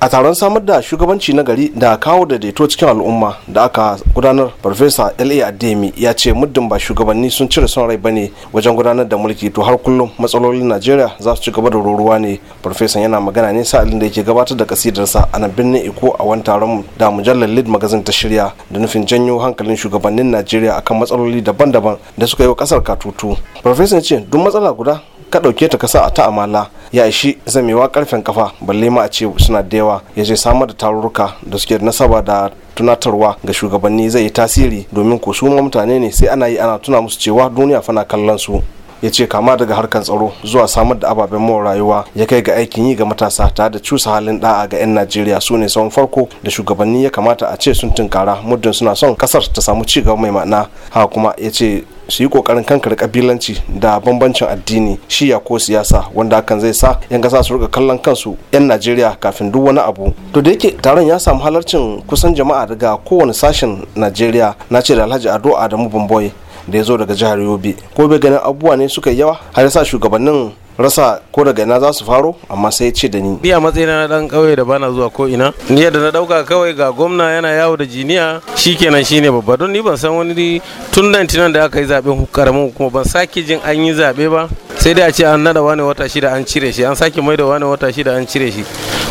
a taron samar da shugabanci na gari da kawo da daidaito cikin al'umma da aka gudanar farfesa la ademi ya ce muddin ba shugabanni sun cire son rai bane wajen gudanar da mulki to har kullum matsalolin najeriya za su ci gaba da ruruwa ne farfesan yana magana ne sa'ilin da yake gabatar da kasidarsa a nan birnin iko a wani taron da mujallar lead magazine ta shirya da nufin janyo hankalin shugabannin najeriya akan matsaloli daban-daban da suka yi wa kasar katutu farfesan ce duk matsala guda ka ɗauke ta kasa a ta amala ya ishi zamewa karfen kafa balle ma a ce suna da yawa ya ce samar da tarurruka da suke da nasaba da tunatarwa ga shugabanni zai yi tasiri domin ko su mutane ne sai ana yi ana tuna musu cewa duniya fana kallon su ya ce kama daga harkar tsaro zuwa samar da ababen more rayuwa ya kai ga aikin yi ga matasa tare da cusa halin da'a ga 'yan najeriya su ne tsawon farko da shugabanni ya kamata a ce sun tunkara muddin suna son kasar ta samu ci gaba mai ma'ana haka kuma ya ce su yi kokarin kankar kabilanci da bambancin addini shiya ko siyasa wanda hakan zai sa yan kasa su rika kallon kansu yan najeriya kafin duk wani abu to da yake taron ya samu halarcin kusan jama'a daga kowane sashen najeriya na ce da alhaji ado adamu bamboy da ya zo daga jihar yobe ko bai ganin abubuwa ne suka yawa har ya sa shugabannin rasa ko daga ina za su faro amma sai ce da ni. Ni a matsayina na dan kauye da bana zuwa ko ina. Ni yadda na dauka kawai ga gwamna yana yawo da jiniya shikenan shine babba don ni ban san wani tun 99 da aka yi zaben karamin kuma ban sake jin an yi zaɓe ba. sai dai a ce an nada wani wata shida an cire shi an sake mai da wani wata shida an cire shi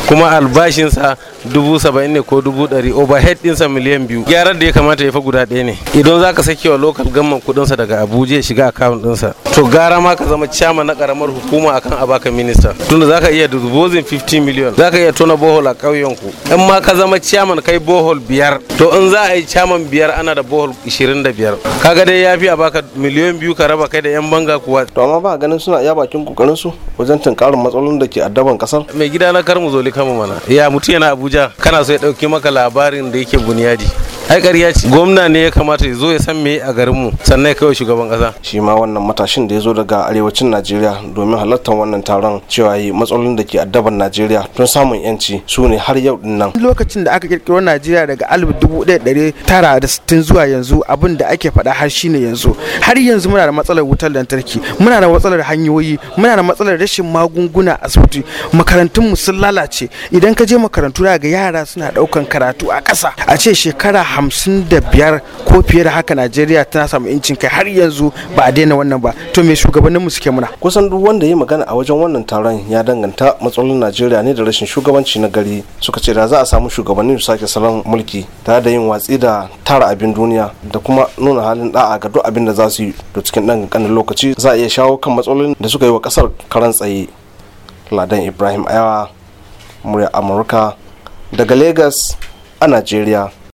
kuma albashinsa dubu saba'in ne ko dubu ɗari overhead ɗinsa miliyan biyu Gyaran da ya kamata ya fa guda ɗaya ne idan za ka sake wa lokal gamman kuɗinsa daga abuja ya shiga akawun ɗinsa to gara ma ka zama cama na ƙaramar hukuma akan a baka minista tunda za ka iya dubozin 15 miliyon za ka iya tona bohol a ƙauyenku in ma ka zama caman kai bohol biyar to in za a yi caman biyar ana da bohol 25 kaga dai ya fi a baka miliyon biyu ka raba kai da yan banga kuwa to amma ba ganin ganin suna iya bakin kokarin su wajen tunkarin matsalolin da ke addaban kasar mai gida na karmu zoli kama mana ya mutu yana abuja kana so ya ɗauki maka labarin da yake buniyadi ai ƙarya ce gwamna ne ya kamata ya zo ya san me a garinmu sannan kawai shugaban kasa. shi ma wannan matashin da ya zo daga arewacin najeriya domin halartar wannan taron cewa yi matsalolin da ke addaban najeriya tun samun yanci su ne har yau din nan lokacin da aka kirkiro najeriya daga alif dubu ɗaya ɗari tara da sittin zuwa yanzu abin da ake faɗa har shine yanzu har yanzu muna da matsalar wutar lantarki muna da matsalar hanyoyi muna da matsalar rashin magunguna asibiti makarantun mu sun lalace idan ka je makarantu ga yara suna ɗaukan karatu a ƙasa a ce shekara hamsin da biyar ko fiye da haka najeriya tana samu incin kai har yanzu ba a daina wannan ba to me shugabannin mu suke muna kusan duk wanda ya yi magana a wajen wannan taron ya danganta matsalolin najeriya ne da rashin shugabanci na gari suka ce da za a samu shugabannin su sake salon mulki tare da yin watsi da tara abin duniya da kuma nuna halin da'a ga duk abin da za su yi da cikin dan kankanin lokaci za a iya shawo kan matsalolin da suka yi wa kasar karan tsaye ladan ibrahim ayawa murya amurka daga lagos a najeriya